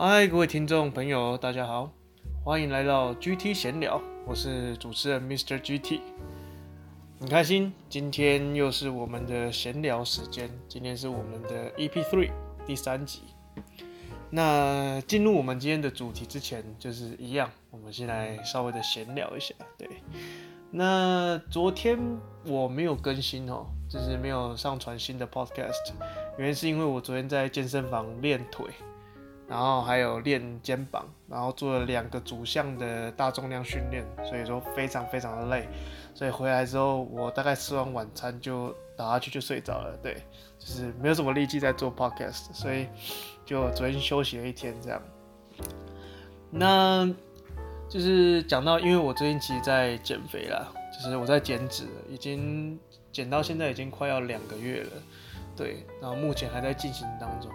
嗨，Hi, 各位聽眾朋友，大家好，歡迎來到 GT 閒聊，我是主持人 Mr. GT，很開心，今天又是我們的閒聊時間，今天是我們的 EP three 第三集。那進入我們今天的主題之前，就是一樣，我們先來稍微的閒聊一下。對，那昨天我沒有更新哦，就是沒有上傳新的 podcast，原因是因為我昨天在健身房練腿。然後還有練肩膀，然後做了兩個主項的大重量訓練，所以說非常非常的累，所以回來之後我大概吃完晚餐就倒下去就睡着了，對，就是沒有什麼力氣在做 podcast，所以就昨天休息了一天這樣。嗯、那就是講到，因為我最近其實在減肥啦，就是我在減脂，已經減到現在已經快要兩個月了，對，然後目前還在進行當中。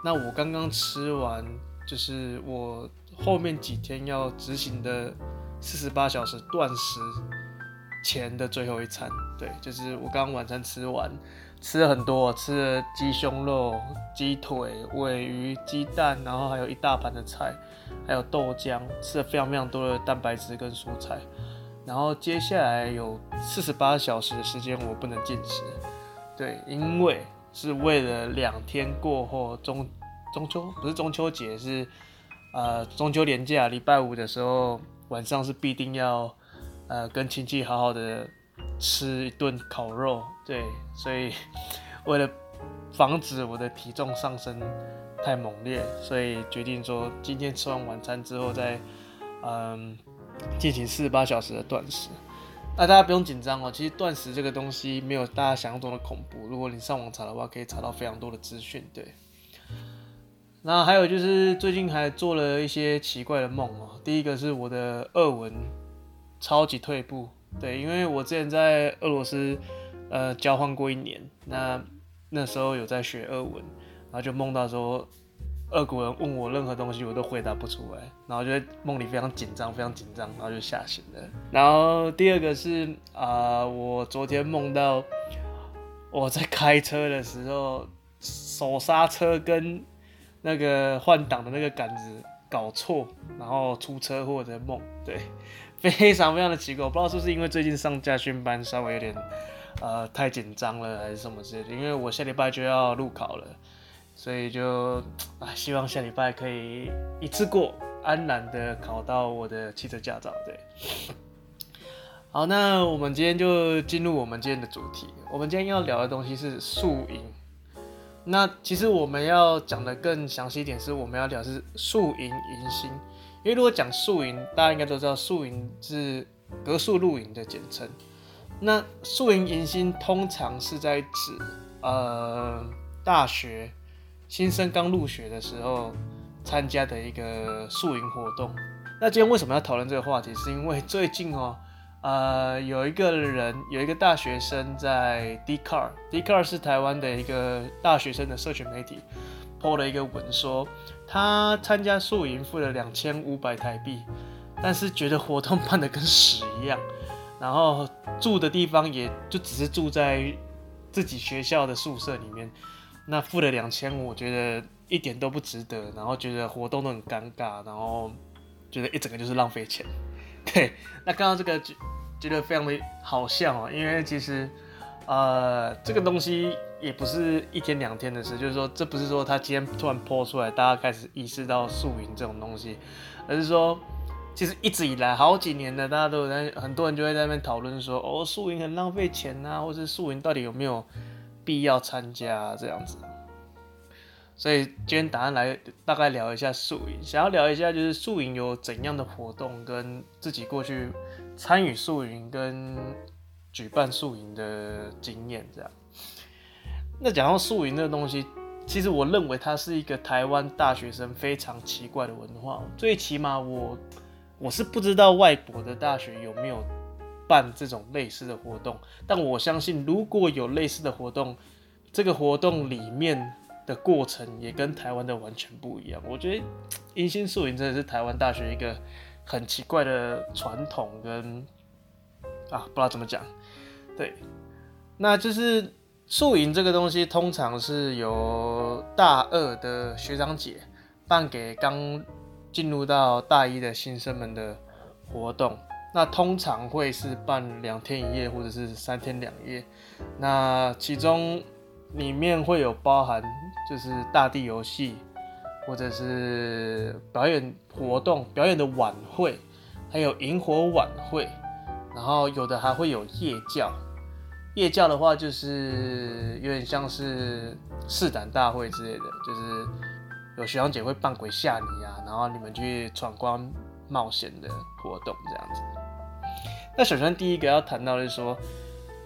那我剛剛吃完，就是我後面幾天要執行的四十八小時斷食前的最後一餐。對，就是我剛剛晚餐吃完，吃了很多，吃了雞胸肉、雞腿、鮪魚、雞蛋，然後還有一大盤的菜，還有豆漿，吃了非常非常多的蛋白質跟蔬菜。然後接下來有四十八小時的時間我不能進食，對，因為。是為了兩天過後中，中秋不是中秋節，是呃中秋連假禮拜五的時候晚上是必定要呃跟親戚好好的吃一頓烤肉對。所以為了防止我的體重上升太猛烈，所以決定說，今天吃完晚餐之後再嗯、呃、進行四十八小時的斷食。那、啊、大家不用緊張哦，其實斷食這個東西沒有大家想象中的恐怖。如果你上網查的話，可以查到非常多的資訊。對，那還有就是最近還做了一些奇怪的夢哦、喔。第一個是我的俄文超級退步，對，因為我之前在俄羅斯呃交換過一年，那那時候有在學俄文，然後就夢到說。二個人問我任何東西我都回答不出來，然後就在夢裡非常緊張，非常緊張，然後就嚇醒了。然後第二個是啊、呃，我昨天夢到我在開車的時候，手剎車跟那個換擋的那個桿子搞錯，然後出車禍的夢，對，非常非常的奇怪，我不知道是不是因為最近上駕訓班稍微有點呃太緊張了還是什麼之類的，因為我下禮拜就要路考了。所以就啊，希望下禮拜可以一次過安然的考到我的汽車駕照。對， 好，那我們今天就進入我們今天的主題。我們今天要聊的東西是宿營。那其實我們要講的更詳細一點是，我們要聊的是宿營迎新。因為如果講宿營，大家應該都知道，宿營是隔宿露營的簡稱。那宿營迎新通常是在指呃大學。新生剛入學的時候參加的一個宿營活動。那今天為什麼要討論這個話題？是因為最近哦，呃，有一個人，有一個大學生在 Dcard，Dcard 是台灣的一個大學生的社群媒體，PO 了一個文說，他參加宿營付了兩千五百台幣，但是覺得活動辦得跟屎一樣，然後住的地方也就只是住在自己學校的宿舍裡面。那付了兩千五，我覺得一點都不值得，然後覺得活動都很尷尬，然後覺得一整個就是浪費錢。對，那剛剛這個就覺得非常的好笑啊、哦，因為其實呃這個東西也不是一天兩天的事，就是說這不是說他今天突然拋出來，大家開始意識到宿營這種東西，而是說其實一直以來好幾年的，大家都有在，很多人就會在那邊討論說哦宿營很浪費錢吶、啊，或是宿營到底有沒有必要參加這樣子，所以今天打算來大概聊一下宿營，想要聊一下就是宿營有怎樣的活動，跟自己過去參與宿營跟舉辦宿營的經驗這樣。那講到宿營這個東西，其實我認為它是一個台灣大學生非常奇怪的文化，最起碼我我是不知道外國的大學有沒有。辦這種類似的活動，但我相信如果有類似的活動，這個活動裡面的過程也跟台灣的完全不一樣。我覺得迎新宿營真的是台灣大學一個很奇怪的傳統跟，跟啊不知道怎麼講，對，那就是宿營這個東西通常是由大二的學長姐辦給剛進入到大一的新生們的活動那通常會是辦兩天一夜，或者是三天兩夜。那其中裡面會有包含，就是大地遊戲，或者是表演活動、表演的晚會，還有營火晚會。然後有的還會有夜教。夜教的話，就是有點像是試膽大會之類的，就是有學長姐會扮鬼嚇你啊，然後你們去闖關冒險的活動這樣子。那首先第一個要談到的是說，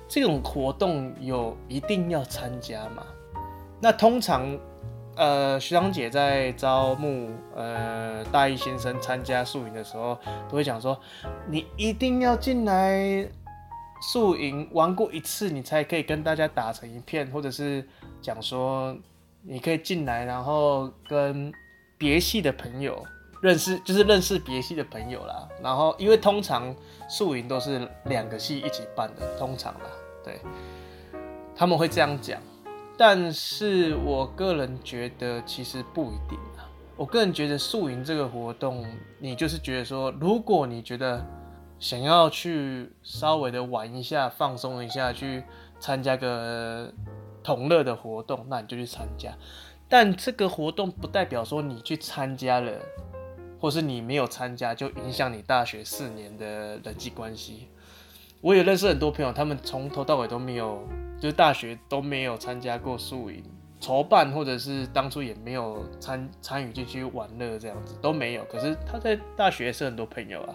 這種活動有一定要參加嗎？那通常，呃，學長姐在招募呃大一新生參加宿營的時候，都會講說，你一定要進來宿營玩過一次，你才可以跟大家打成一片，或者是講說，你可以進來，然後跟別系的朋友。認識就是認識別系的朋友啦，然後因為通常宿營都是兩個系一起辦的，通常啦，對，他們會這樣講，但是我個人覺得其實不一定啊，我個人覺得宿營這個活動，你就是覺得說，如果你覺得想要去稍微的玩一下、放鬆一下，去參加個、呃、同樂的活動，那你就去參加，但這個活動不代表說你去參加了。或是你沒有參加，就影響你大學四年的人際關係。我也認識很多朋友，他們從頭到尾都沒有，就是大學都沒有參加過宿營、籌辦，或者是當初也沒有參參與進去玩樂，這樣子都沒有。可是他在大學也是很多朋友啊，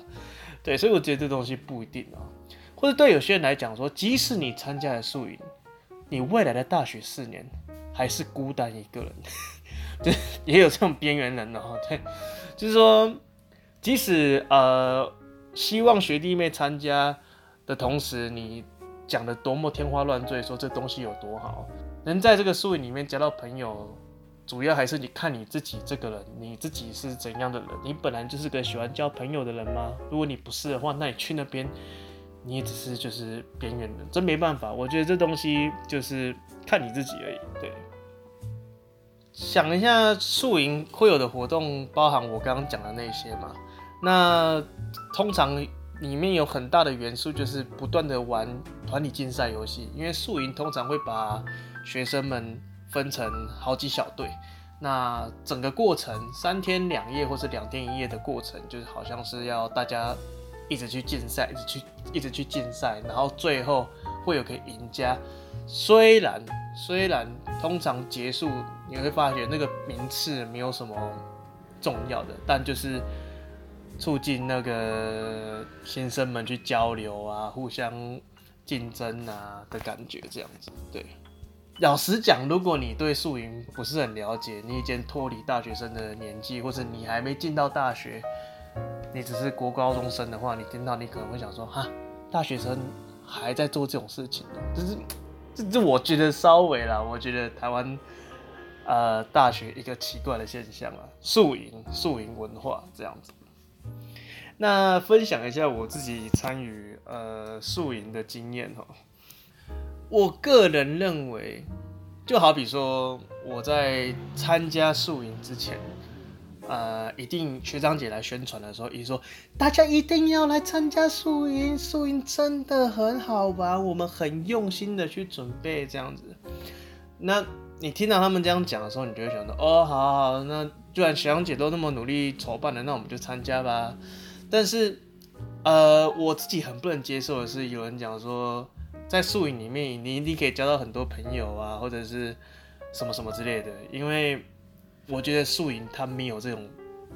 對，所以我覺得這東西不一定哦。或者對有些人來講說，即使你參加了宿營，你未來的大學四年還是孤單一個人， 也有這種邊緣人喔。對就是說，即使呃希望學弟妹參加的同時，你講的多麼天花亂墜，說這東西有多好，能在這個宿營裡面交到朋友，主要還是你看你自己這個人，你自己是怎樣的人，你本來就是個喜歡交朋友的人嗎？如果你不是的話，那你去那邊，你也只是就是邊緣人。真沒辦法。我覺得這東西就是看你自己而已，對。想一下，宿營會有的活動包含我剛剛講的那些嘛？那通常裡面有很大的元素就是不斷的玩團體競賽遊戲，因為宿營通常會把學生們分成好幾小隊。那整個過程三天兩夜，或是兩天一夜的過程，就是好像是要大家一直去競賽，一直去，一直去競賽，然後最後會有個贏家。雖然雖然通常結束。你會發覺那個名次沒有什麼重要的，但就是促進那個新生們去交流啊、互相競爭啊的感覺，這樣子。對，老實講，如果你對宿營不是很了解，你已經脫離大學生的年紀，或者你還沒進到大學，你只是國高中生的話，你聽到你可能會想說：哈，大學生還在做這種事情喔？就是，這這我覺得稍微啦，我覺得台灣。呃，大學一個奇怪的現象啊，宿營、宿營文化這樣子。那分享一下我自己參與呃宿營的經驗哈。我個人認為，就好比說我在參加宿營之前，呃，一定學長姐來宣傳的時候，一說大家一定要來參加宿營，宿營真的很好玩，我們很用心的去準備這樣子。那。你聽到他們這樣講的時候，你就會想到哦，好好，那既然小楊姐都那麼努力籌辦了，那我們就參加吧。但是，呃，我自己很不能接受的是，有人講說，在宿營裡面，你一定可以交到很多朋友啊，或者是什麼什麼之類的。因為我覺得宿營它沒有這種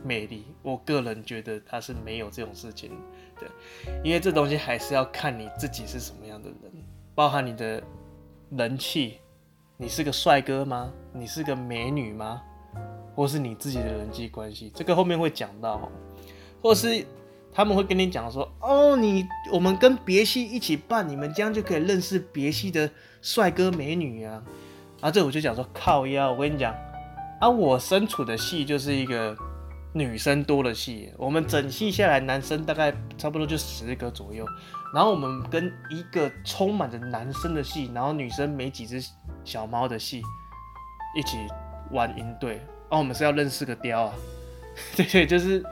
魅力，我個人覺得它是沒有這種事情的。因為這東西還是要看你自己是什麼樣的人，包含你的人氣。你是個帥哥嗎？你是個美女嗎？或是你自己的人際關係，這個後面會講到。或是他們會跟你講說，哦，你我們跟別系一起辦，你們這樣就可以認識別系的帥哥美女啊。然後，啊這我就講說，靠腰，我跟你講啊，我身處的系就是一個女生多的系，我們整系下來男生大概差不多就十個左右。然後我們跟一個充滿着男生的戲，然後女生沒幾隻小貓的戲一起玩營隊啊、哦，我們是要認識個雕啊，對，就是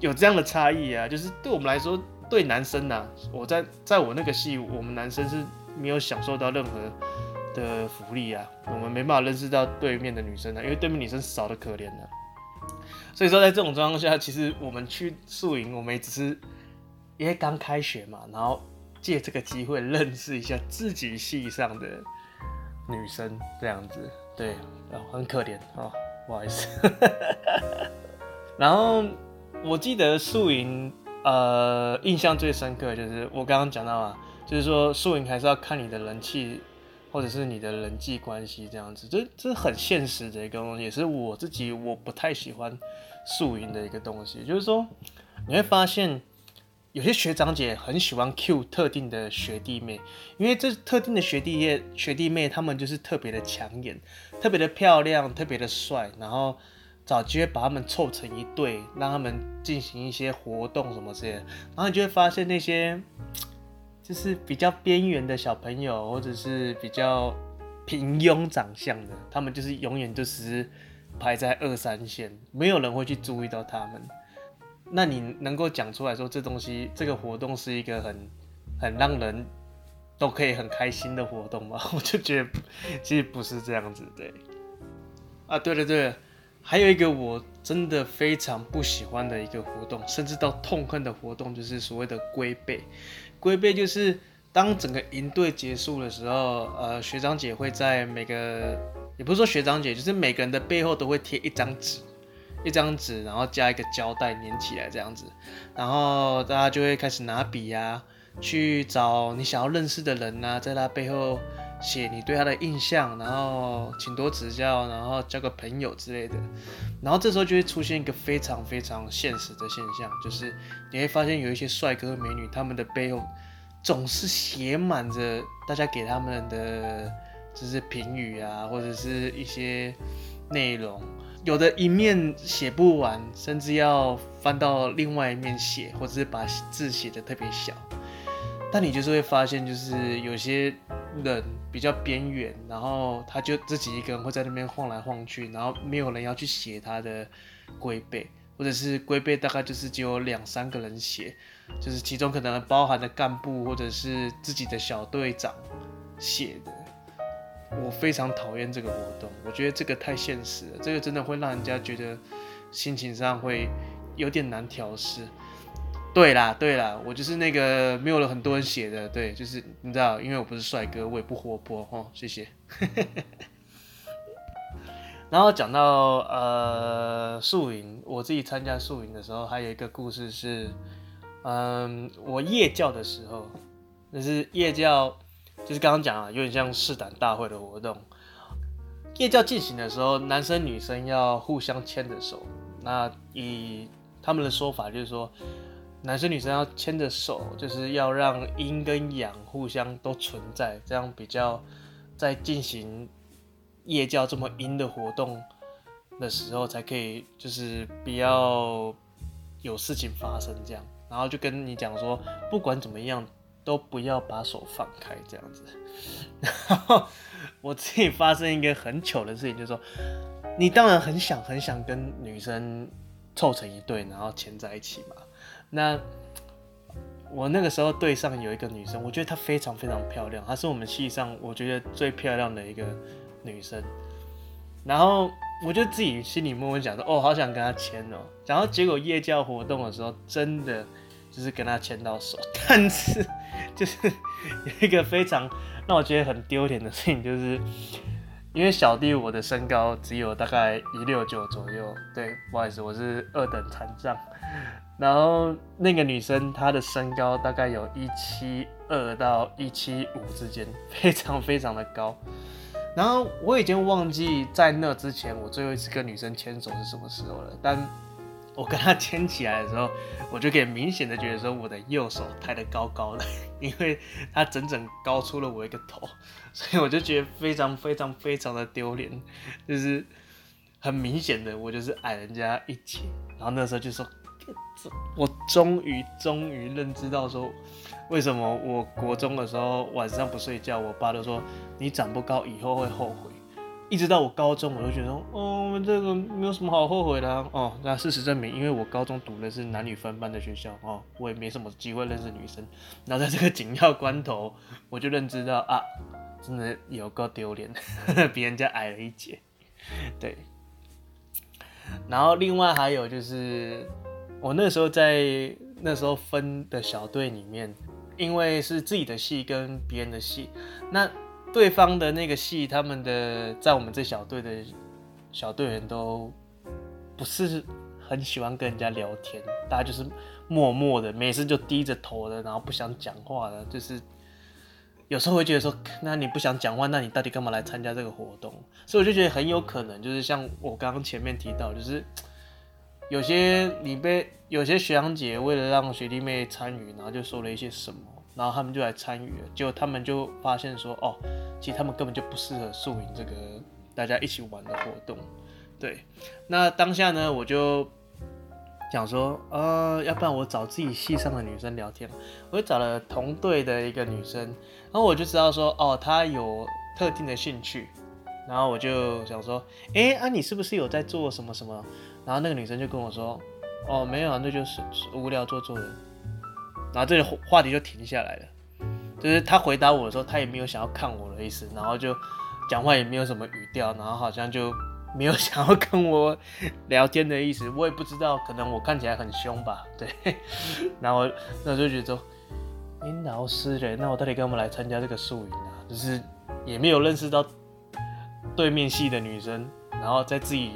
有這樣的差異啊，就是對我們來說，對男生吶、啊，我在在我那個戲，我們男生是沒有享受到任何的福利啊，我們沒辦法認識到對面的女生啊，因為對面女生少的可憐啊。所以說在這種狀況下，其實我們去宿營，我們也只是。因為剛開學嘛，然後借這個機會認識一下自己系上的女生，這樣子、嗯、對、哦，很可憐啊、哦，不好意思。 然後我記得宿營，呃，印象最深刻的就是我剛剛講到啊，就是說宿營還是要看你的人氣，或者是你的人際關係這樣子，這這很現實的一個東西，也是我自己我不太喜歡宿營的一個東西，就是說你會發現。有些學長姐很喜歡 cue 特定的學弟妹，因為這特定的學弟學弟妹他們就是特別的搶眼，特別的漂亮，特別的帥，然後找機會把他們湊成一對，讓他們進行一些活動什麼之類的。然後你就會發現那些就是比較邊緣的小朋友，或者是比較平庸長相的，他們就是永遠就是排在二三線，沒有人會去注意到他們。那你能夠講出來說這東西這個活動是一個很很讓人都可以很開心的活動嗎？我就覺得其實不是這樣子的。啊，對了對了，還有一個我真的非常不喜歡的一個活動，甚至到痛恨的活動，就是所謂的龜背。龜背就是當整個營隊結束的時候，呃，學長姐會在每個，也不是說學長姐，就是每個人的背後都會貼一張紙。一張紙，然後加一個膠帶粘起來這樣子，然後大家就會開始拿筆啊去找你想要認識的人吶、啊，在他背後寫你對他的印象，然後請多指教，然後交個朋友之類的。然後這時候就會出現一個非常非常現實的現象，就是你會發現有一些帥哥美女，他們的背後總是寫滿着大家給他們的就是評語啊，或者是一些內容。有的一面寫不完，甚至要翻到另外一面寫，或者是把字寫得特別小。但你就是會發現，就是有些人比較邊緣，然後他就自己一個人會在那邊晃來晃去，然後沒有人要去寫他的龜背，或者是龜背大概就是只有兩三個人寫，就是其中可能包含了幹部或者是自己的小隊長寫的。我非常討厭這個活動，我覺得這個太現實了，這個真的會讓人家覺得心情上會有點難調適。對啦，對啦，我就是那個沒有了很多人寫的，對，就是你知道，因為我不是帥哥，我也不活潑哈、哦，謝謝。 然後講到呃宿營，我自己參加宿營的時候，還有一個故事是，嗯、呃，我夜教的時候，那、就是夜教。就是剛剛講啊，有點像試膽大會的活動。夜教進行的時候，男生女生要互相牽着手。那以他們的說法，就是說，男生女生要牽着手，就是要讓陰跟陽互相都存在，這樣比較在進行夜教這麼陰的活動的時候，才可以就是不要有事情發生這樣。然後就跟你講說，不管怎麼樣，都不要把手放開，這樣子。然後我自己發生一個很糗的事情，就是說，你當然很想很想跟女生湊成一對，然後牽在一起嘛。那我那個時候隊上有一個女生，我覺得她非常非常漂亮，她是我們系上我覺得最漂亮的一個女生。然後我就自己心裡默默想說，哦，好想跟她牽哦。然後結果夜教活動的時候，真的。就是跟他牽到手，但是就是有一個非常讓我覺得很丟臉的事情，就是因為小弟我的身高只有大概一六九左右，對，不好意思，我是二等殘障。然後那個女生她的身高大概有一七二到一七五之間，非常非常的高。然後我已經忘記在那之前我最後一次跟女生牽手是什麼時候了，但。我跟他牽起來的時候，我就可以明顯的覺得說我的右手抬得高高的，因為他整整高出了我一個頭，所以我就覺得非常非常非常的丟臉，就是很明顯的我就是矮人家一截。然後那時候就說，我終於終於認知到說，為什麼我國中的時候晚上不睡覺，我爸都說你長不高，以後會後悔。一直到我高中，我都覺得，哦，這個沒有什麼好後悔的啊。哦，那事實證明，因為我高中讀的是男女分班的學校，哦，我也沒什麼機會認識女生。然後在這個緊要關頭，我就認知到啊，真的有夠丟臉，呵呵，比人家矮了一截。對。然後另外還有就是，我那時候在那時候分的小隊裡面，因為是自己的戲跟別人的戲，那。對方的那個系，他們的在我們這小隊的小隊員都不是很喜歡跟人家聊天，大家就是默默的，每次就低着頭的，然後不想講話的，就是有時候會覺得說，那你不想講話，那你到底幹嘛來參加這個活動？所以我就覺得很有可能就是像我剛剛前面提到，就是有些裡邊有些學長姐為了讓學弟妹參與，然後就說了一些什麼。然後他們就來參與了，結果他們就發現說，哦，其實他們根本就不適合宿營這個大家一起玩的活動。對，那當下呢，我就想說，呃，要不然我找自己系上的女生聊天。我就找了同隊的一個女生，然後我就知道說，哦，她有特定的興趣。然後我就想說，哎啊，你是不是有在做什麼什麼？然後那個女生就跟我說，哦，沒有，那就是無聊做做的。然後這個話題就停下來了，就是他回答我的時候，他也沒有想要看我的意思，然後就講話也沒有什麼語調，然後好像就沒有想要跟我聊天的意思。我也不知道，可能我看起來很兇吧？對。然後那我就覺得，欸，老師嘞，那我到底跟我們來參加這個宿營呢？啊？就是也沒有認識到對面系的女生，然後在自己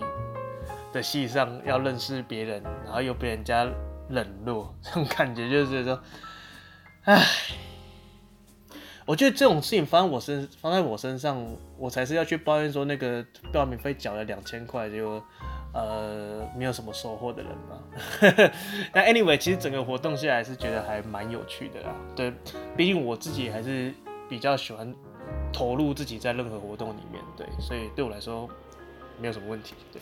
的系上要認識別人，然後又被人家。冷落這種感覺，就是說，唉，我覺得這種事情放在我身，放在我身上，我才是要去抱怨說那個報名費繳了兩千塊，結果呃，沒有什麼收穫的人嘛。 那 anyway，其實整個活動下來是覺得還蠻有趣的啦。對，畢竟我自己還是比較喜歡投入自己在任何活動裡面，對，所以對我來說沒有什麼問題，對。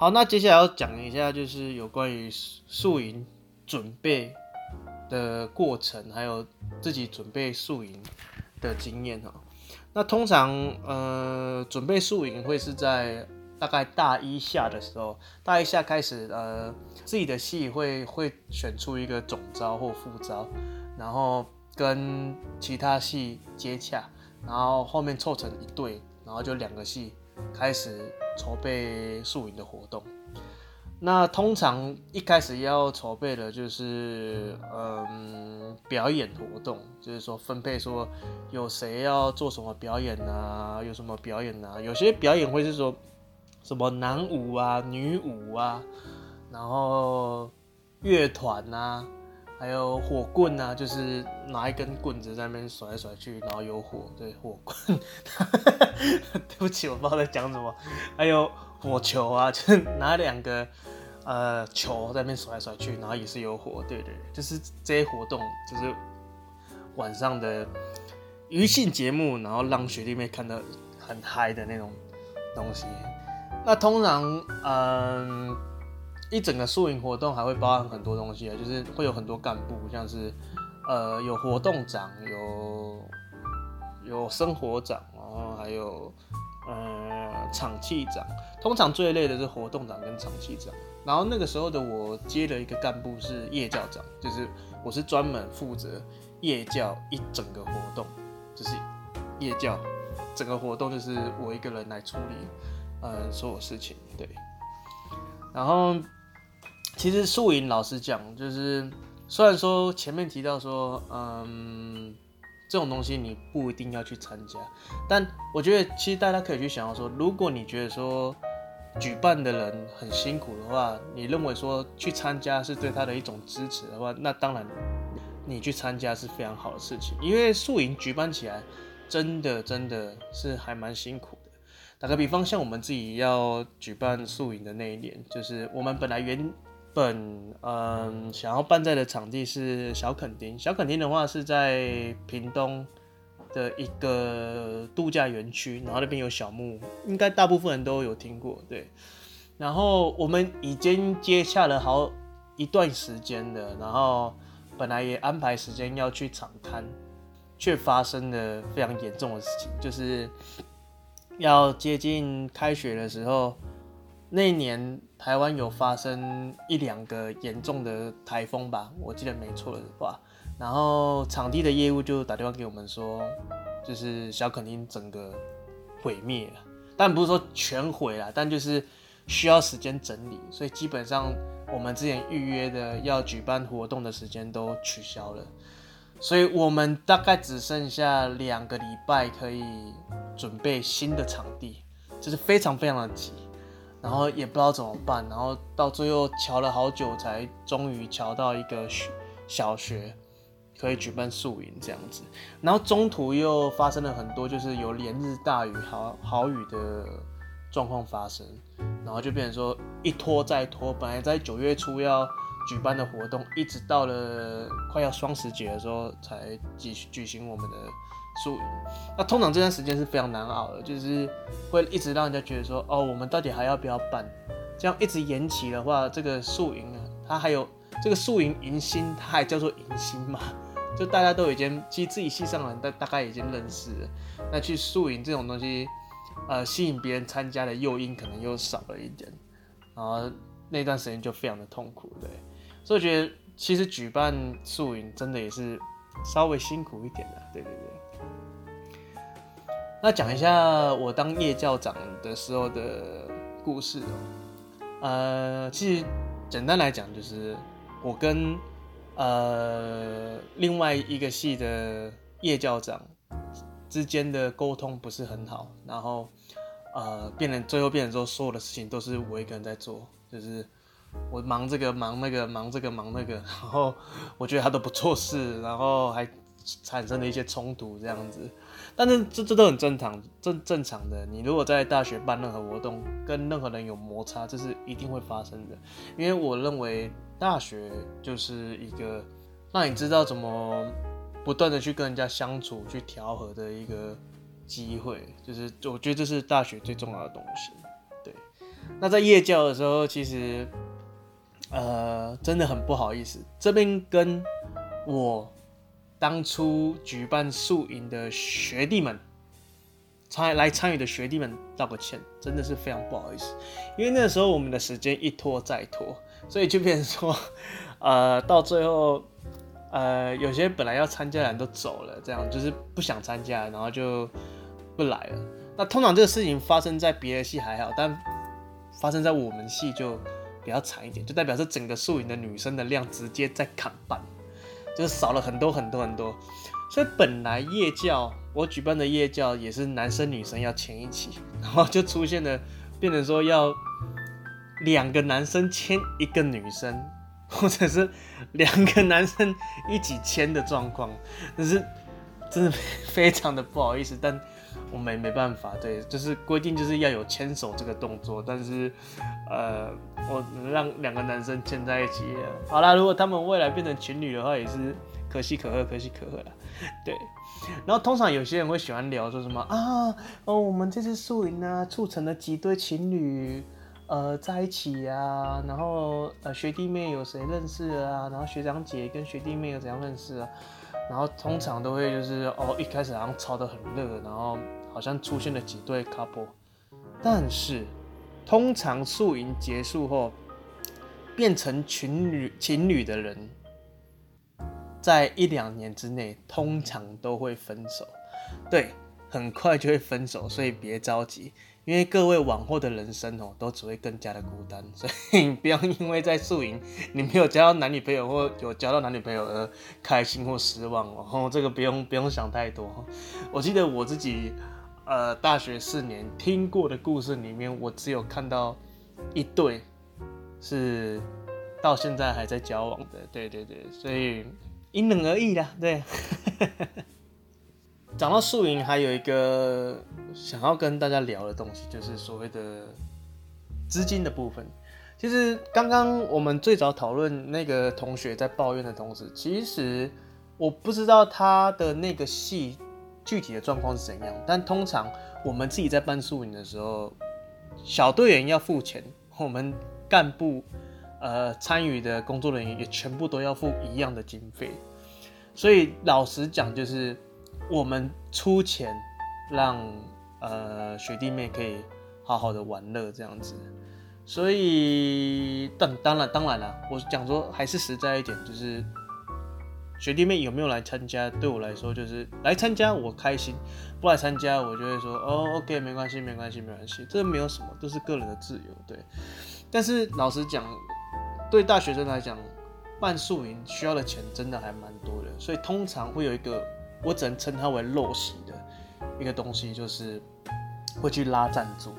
好，那接下來要講一下，就是有關於宿營準備的過程，還有自己準備宿營的經驗哈。那通常，呃，準備宿營會是在大概大一下的時候，大一下開始，呃，自己的系會會選出一個總召或副召，然後跟其他系接洽，然後後面湊成一對，然後就兩個系。開始籌備宿營的活動，那通常一開始要籌備的就是，嗯，表演活動，就是說分配說有誰要做什麼表演啊，有什麼表演啊。有些表演會是說什麼男舞啊、女舞啊，然後樂團啊。還有火棍啊，就是拿一根棍子在那邊甩來甩去，然後有火。對，火棍。 對不起，我不知道在講什麼。還有火球啊，就是拿兩個呃球在那邊甩來甩去，然後也是有火。對對、對，就是這些活動，就是晚上的餘興節目，然後讓學弟妹看到很嗨的那種東西。那通常，嗯。一整個宿營活動還會包含很多東西啊，就是會有很多幹部，像是，呃，有活動長，有有生活長，然後還有，呃，場器長。通常最累的是活動長跟場器長。然後那個時候的我接了一個幹部是夜教長，就是我是專門負責夜教一整個活動，就是夜教整個活動就是我一個人來處理，嗯，呃，所有事情。對，然後。其實宿營，老實講，就是雖然說前面提到說，嗯，這種東西你不一定要去參加，但我覺得其實大家可以去想要說，如果你覺得說舉辦的人很辛苦的話，你認為說去參加是對他的一種支持的話，那當然你去參加是非常好的事情，因為宿營舉辦起來真的真的是還蠻辛苦的。打個比方，像我們自己要舉辦宿營的那一年，就是我們本來原。本嗯，想要辦在的場地是小墾丁，小墾丁的話是在屏東的一個度假園區，然後那邊有小木屋，應該大部分人都有聽過，對。然後我們已經接洽了好一段時間了，然後本來也安排時間要去場勘，卻發生了非常嚴重的事情，就是要接近開學的時候。那一年台灣有發生一兩個嚴重的台風吧，我記得沒錯的話，然後場地的業務就打電話給我們說，就是小墾丁整個毀滅了，但不是說全毀了，但就是需要時間整理，所以基本上我們之前預約的要舉辦活動的時間都取消了，所以我們大概只剩下兩個禮拜可以準備新的場地，這、就是非常非常的急。然後也不知道怎麼辦，然後到最後瞧了好久，才終於瞧到一個學小學可以舉辦宿營這樣子。然後中途又發生了很多，就是有連日大雨、豪豪雨的狀況發生，然後就變成說一拖再拖。本來在九月初要舉辦的活動，一直到了快要雙十節的時候才舉舉行我們的。宿營，那通常這段時間是非常難熬的，就是會一直讓人家覺得說，哦，我們到底還要不要辦？這樣一直延期的話，這個宿營啊，它還有這個宿營迎新，它還叫做迎新嘛，就大家都已經，其實自己系上的人大概已經認識了，那去宿營這種東西，呃，吸引別人參加的誘因可能又少了一點，然後那段時間就非常的痛苦，對。所以我覺得，其實舉辦宿營真的也是。稍微辛苦一點的、啊，對對對。那講一下我當夜教長的時候的故事哦。呃，其實簡單來講，就是我跟呃另外一個系的夜教長之間的溝通不是很好，然後呃，變成最後變成說，所有的事情都是我一個人在做，就是。我忙這個忙那個忙這個忙那個，然後我覺得他都不做事，然後還產生了一些衝突這樣子。但是這這都很正常，正正常的。你如果在大學辦任何活動，跟任何人有摩擦，這是一定會發生的。因為我認為大學就是一個讓你知道怎麼不斷的去跟人家相處、去調和的一個機會，就是我覺得這是大學最重要的東西。對，那在夜教的時候，其實。呃，真的很不好意思，這邊跟我當初舉辦宿營的學弟們，參來參與的學弟們道個歉，真的是非常不好意思。因為那個時候我們的時間一拖再拖，所以就變成說，呃，到最後，呃，有些本來要參加的人都走了，這樣就是不想參加，然後就不來了。那通常這個事情發生在別的系還好，但發生在我們系就。比較長一點，就代表是整個宿營的女生的量直接在砍半，就是少了很多很多很多。所以本來夜教我舉辦的夜教也是男生女生要牽一起，然後就出現了變成說要兩個男生牽一個女生，或者是兩個男生一起牽的狀況，只、就是真的非常的不好意思，但我沒沒辦法，對，就是規定就是要有牽手這個動作，但是呃。我能讓兩個男生牽在一起好啦，如果他們未來變成情侶的話，也是可喜可賀，可喜可賀啦。對，然後通常有些人會喜歡聊說什麼啊，哦，我們這次宿營啊，促成了幾對情侶呃在一起啊，然後呃學弟妹有誰認識啊，然後學長姐跟學弟妹有怎樣認識啊，然後通常都會就是哦一開始好像吵得很熱，然後好像出現了幾對 couple，但是。通常宿營結束後，變成情侶情侶的人，在一兩年之內通常都會分手，對，很快就會分手，所以別着急，因為各位往後的人生哦，都只會更加的孤單，所以不要因為在宿營你沒有交到男女朋友或有交到男女朋友而開心或失望哦，這個不用不用想太多。我記得我自己。呃，大學四年聽過的故事裡面，我只有看到一對是到現在還在交往的，對對對，所以、嗯、因人而異啦。對，講 到宿營，還有一個想要跟大家聊的東西，就是所謂的資金的部分。其實剛剛我們最早討論那個同學在抱怨的同時，其實我不知道他的那個系具體的狀況是怎樣？但通常我們自己在辦宿營的時候，小隊員要付錢，我們幹部、呃參與的工作人員也全部都要付一樣的經費。所以老實講，就是我們出錢讓呃學弟妹可以好好的玩樂這樣子。所以，當當然當然啦，我講說還是實在一點，就是。學弟妹有沒有來參加？對我來說，就是來參加我開心，不來參加我就會說哦，OK，沒關係，沒關係，沒關係，這沒有什麼，都是個人的自由，對。但是老實講，對大學生來講，辦宿營需要的錢真的還蠻多的，所以通常會有一個我只能稱它為陋習的一個東西，就是會去拉贊助。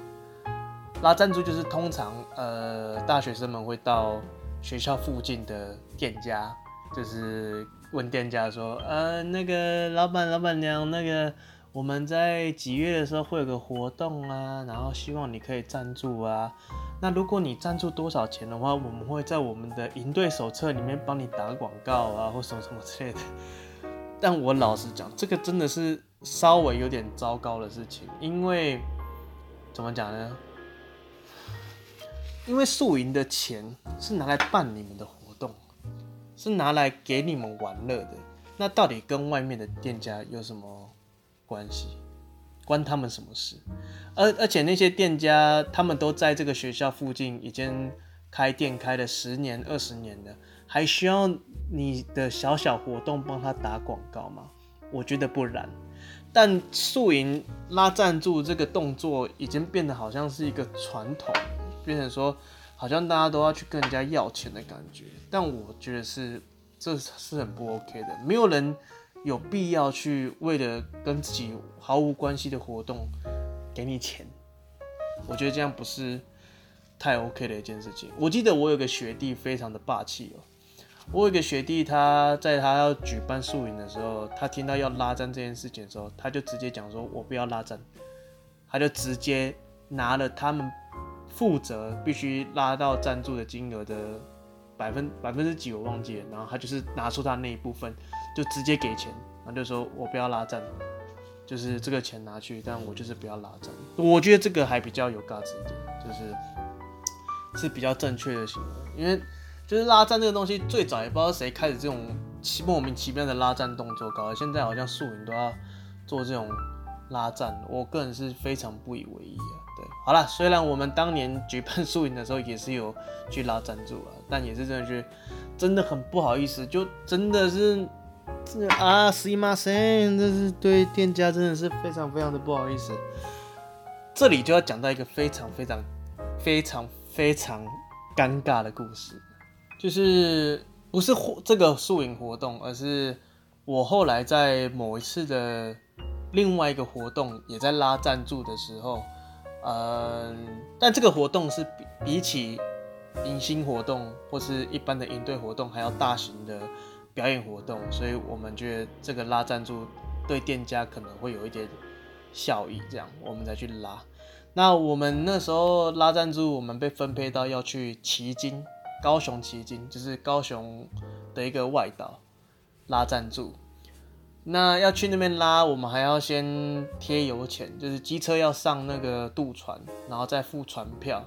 拉贊助就是通常呃，大學生們會到學校附近的店家，就是。問店家說：“呃，那個老闆、老闆娘，那個我們在幾月的時候會有個活動啊，然後希望你可以贊助啊。那如果你贊助多少錢的話，我們會在我們的營隊手冊裡面幫你打廣告啊，或什麼什麼之類的。但我老實講，這個真的是稍微有點糟糕的事情，因為怎麼講呢？因為宿營的錢是拿來辦你們的。”是拿來給你們玩樂的，那到底跟外面的店家有什麼關係？關他們什麼事？而而且那些店家，他們都在這個學校附近已經開店開了十年、二十年了，還需要你的小小活動幫他打廣告嗎？我覺得不然。但宿營拉贊助這個動作已經變得好像是一個傳統，變成說。好像大家都要去跟人家要錢的感覺，但我覺得是這是很不 OK 的。沒有人有必要去為了跟自己毫無關係的活動給你錢，我覺得這樣不是太 OK 的一件事情。我記得我有個學弟非常的霸氣哦、喔，我有個學弟他在他要舉辦宿營的時候，他聽到要拉贊助這件事情的時候，他就直接講說：“我不要拉贊助”，他就直接拿了他們。負責必須拉到贊助的金額的百分百分之幾，我忘記了。然後他就是拿出他那一部分，就直接給錢。然後就說：“我不要拉贊助，就是這個錢拿去，但我就是不要拉贊助。”我覺得這個還比較有價值一點，就是是比較正確的行為。因為就是拉贊這個東西，最早也不知道誰開始這種莫名其妙的拉贊動作搞，搞得現在好像宿營都要做這種拉贊，我個人是非常不以為意啊。好啦，雖然我們當年舉辦宿營的時候也是有去拉贊助啊，但也是真的是真的很不好意思，就真的是，啊，誰嘛誰，這是對店家真的是非常非常的不好意思。這裡就要講到一個非常，非常非常非常非常尷尬的故事，就是不是這個宿營活動，而是我後來在某一次的另外一個活動也在拉贊助的時候。嗯，但這個活動是比比起迎新活動或是一般的營隊活動還要大型的表演活動，所以我們覺得這個拉贊助對店家可能會有一點效益，這樣我們才去拉。那我們那時候拉贊助，我們被分配到要去旗津，高雄旗津就是高雄的一個外島拉贊助。那要去那邊拉，我們還要先貼油錢，就是機車要上那個渡船，然後再付船票，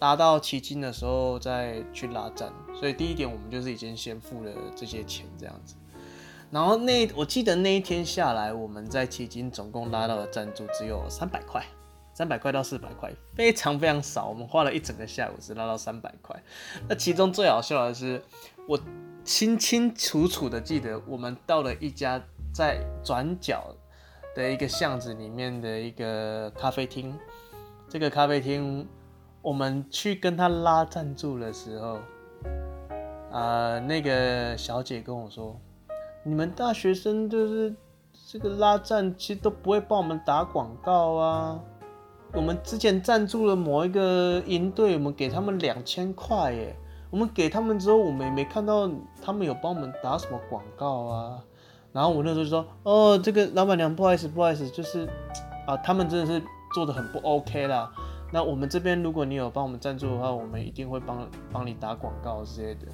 拉到旗津的時候再去拉贊。所以第一點，我們就是已經先付了這些錢這樣子。然後那我記得那一天下來，我們在旗津總共拉到的贊助只有三百塊，三百塊到四百塊，非常非常少。我們花了一整個下午，是拉到三百塊。那其中最好笑的是，我清清楚楚的記得，我們到了一家，在轉角的一個巷子裡面的一個咖啡廳，這個咖啡廳，我們去跟他拉贊助的時候，啊、呃，那個小姐跟我說，你們大學生就是這個拉贊助，其實都不會幫我們打廣告啊。我們之前贊助了某一個營隊，我們給他們兩千塊耶，我們給他們之後，我們也沒看到他們有幫我們打什麼廣告啊。然後我那時候就說：“哦，這個老闆娘，不好意思，不好意思，就是，啊、呃，他們真的是做的很不 OK 啦。那我們這邊如果你有幫我們贊助的話，我們一定會幫幫你打廣告之類的。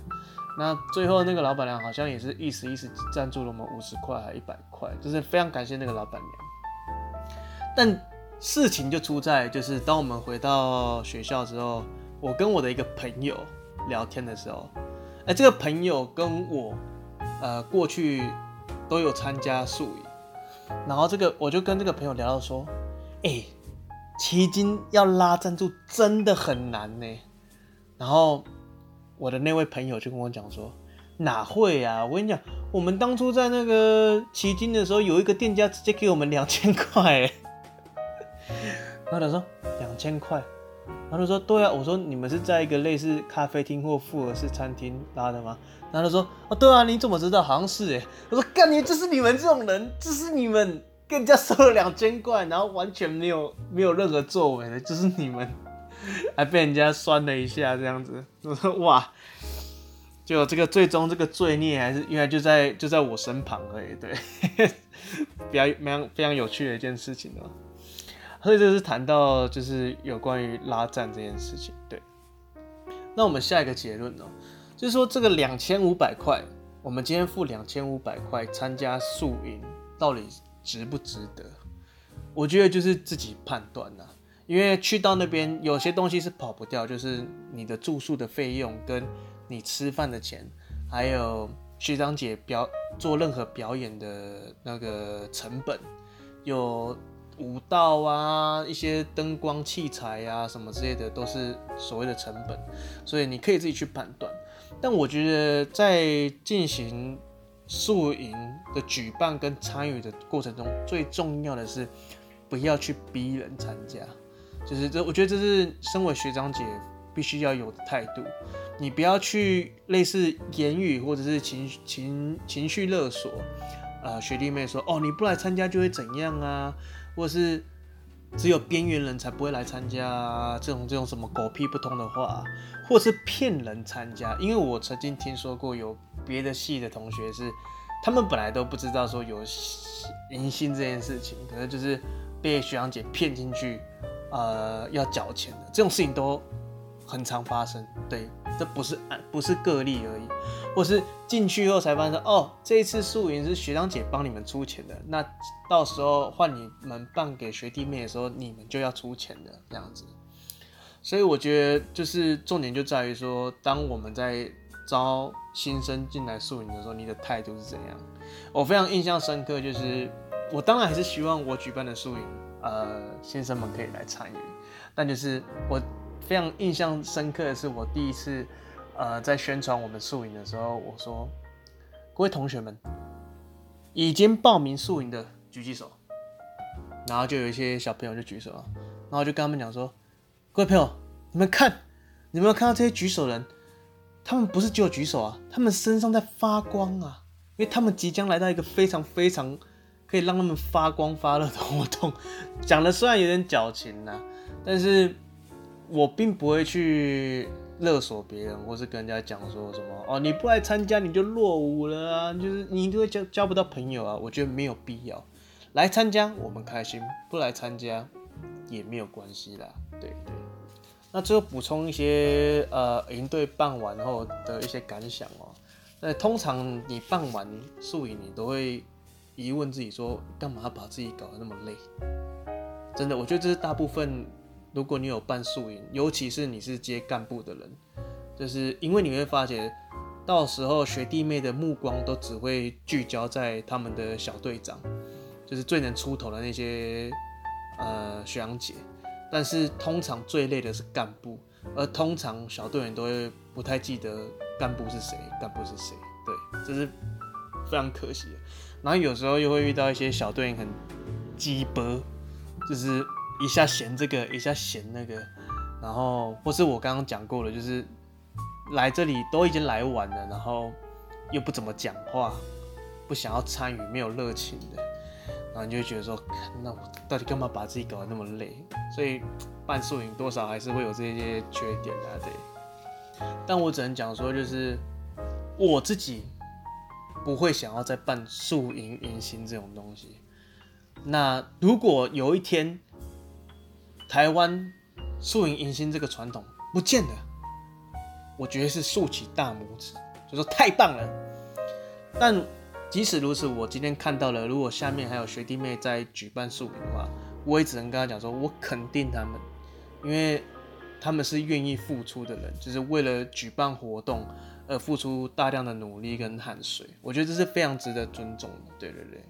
那最後那個老闆娘好像也是意思意思贊助了我們五十塊還一百塊，就是非常感謝那個老闆娘。但事情就出在，就是當我們回到學校之後，我跟我的一個朋友聊天的時候，哎、呃，這個朋友跟我，呃，過去。”都有參加宿營，然後這個我就跟這個朋友聊到說，哎、欸，奇金要拉贊助真的很難呢。然後我的那位朋友就跟我講說，哪會啊？我跟你講，我們當初在那個奇金的時候，有一個店家直接給我們兩千塊。然 後他說兩千塊，然後他就說對啊，我說你們是在一個類似咖啡廳或複合式餐廳拉的嗎？然後他說：“哦，對啊，你怎麼知道？好像是哎。”我說：“幹你，這是你們這種人，這是你們跟人家收了兩千塊，然後完全沒有沒有任何作為的，就是你們還被人家酸了一下這樣子。”我說：“哇，就這個最終這個罪孽還是應該就在就在我身旁而已。”對，比 較非常非常有趣的一件事情哦。所以這是談到就是有關於拉贊這件事情。對，那我們下一個結論呢、哦？就是說這個兩千五百塊，我們今天付兩千五百塊參加宿營，到底值不值得？我覺得就是自己判斷啦、啊。因為去到那邊有些東西是跑不掉，就是你的住宿的費用、跟你吃飯的錢，還有學長姐表做任何表演的那個成本，有舞蹈啊、一些燈光器材啊什麼之類的，都是所謂的成本，所以你可以自己去判斷。但我覺得在進行宿營的舉辦跟參與的過程中，最重要的是不要去逼人參加，就是這，我覺得這是身為學長姐必須要有的態度。你不要去類似言語或者是情情情緒勒索，啊、呃，學弟妹說哦你不來參加就會怎樣啊，或者是。只有邊緣人才不會來參加這種這種什麼狗屁不通的話，或是騙人參加。因為我曾經聽說過有別的系的同學是，他們本來都不知道說有迎新這件事情，可能就是被學長姐騙進去，呃，要繳錢的這種事情都。很常發生，對，這不是案，不是個例而已。或是進去後才發現，哦，這一次宿營是學長姐幫你們出錢的，那到時候換你們辦給學弟妹的時候，你們就要出錢的這樣子。所以我覺得，就是重點就在於說，當我們在招新生進來宿營的時候，你的態度是怎樣？我非常印象深刻，就是我當然還是希望我舉辦的宿營，呃，新生們可以來參與，但就是我。非常印象深刻的是，我第一次，呃，在宣傳我們宿營的時候，我說：“各位同學們，已經報名宿營的舉手。”然後就有一些小朋友就舉手了，然後就跟他們講說：“各位朋友，你們看，你們有看到這些舉手的人？他們不是只有舉手啊，他們身上在發光啊，因為他們即將來到一個非常非常可以讓他們發光發熱的活動。”講的雖然有點矯情吶、啊，但是。我並不會去勒索別人，或是跟人家講說什麼哦，你不來參加你就落伍了啊，就是你就會交交不到朋友啊。我覺得沒有必要來參加，我們開心；不來參加也沒有關係啦。對對，那最後補充一些、嗯、呃，營隊辦完後的一些感想哦、喔。那通常你辦完宿營，你都會疑問自己說，幹嘛把自己搞得那麼累？真的，我覺得這是大部分。如果你有辦宿營，尤其是你是接幹部的人，就是因為你會發覺，到時候學弟妹的目光都只會聚焦在他們的小隊長，就是最能出頭的那些呃學長姐。但是通常最累的是幹部，而通常小隊員都會不太記得幹部是誰，幹部是誰，對，這是非常可惜的。然後有時候又會遇到一些小隊員很機掰，就是。一下嫌這個，一下嫌那個，然後或是我剛剛講過了，就是來這裡都已經來晚了，然後又不怎麼講話，不想要參與，沒有熱情的，然後你就會覺得說，那我到底幹嘛把自己搞得那麼累？所以辦宿營多少還是會有這些缺點啊，對。但我只能講說，就是我自己不會想要再辦宿營迎新這種東西。那如果有一天，台灣宿營迎新這個傳統不見了，我覺得是豎起大拇指，就是說太棒了。但即使如此，我今天看到了，如果下面還有學弟妹在舉辦宿營的話，我也只能跟他講說，我肯定他們，因為他們是願意付出的人，就是為了舉辦活動而付出大量的努力跟汗水，我覺得這是非常值得尊重的。對對對，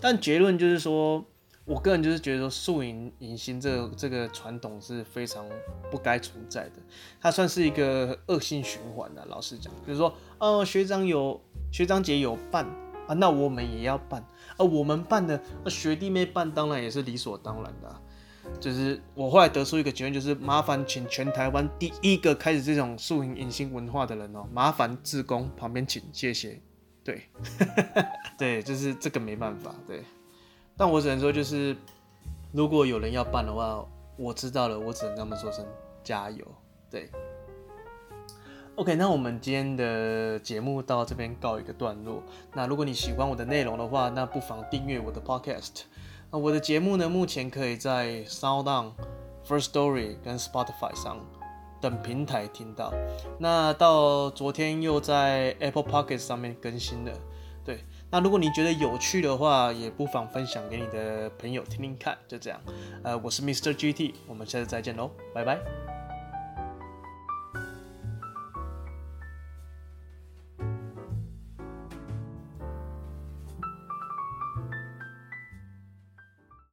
但結論就是說。我個人就是覺得說，宿營迎新這這個傳、這個、統是非常不該存在的。它算是一個惡性循環的、啊、老實講，就是說，哦，學長有學長姐有辦啊，那我們也要辦啊，我們辦的、啊、學弟妹辦，當然也是理所當然的、啊。就是我後來得出一個結論，就是麻煩請全台灣第一個開始這種宿營迎新文化的人哦，麻煩志工旁邊請，謝謝。對， 對，就是這個沒辦法，對。但我只能說，就是如果有人要辦的話，我知道了，我只能跟他們說聲加油。對，OK，那我們今天的節目到這邊告一個段落。那如果你喜歡我的內容的話，那不妨訂閱我的 Podcast。我的節目呢，目前可以在 SoundOn，First Story 跟 Spotify 上等平台聽到。那到昨天又在 Apple Podcast 上面更新了，對。那如果你覺得有趣的話，也不妨分享給你的朋友聽聽看。就這樣，呃，我是 Mr. GT，我們下次再見嘍，拜拜。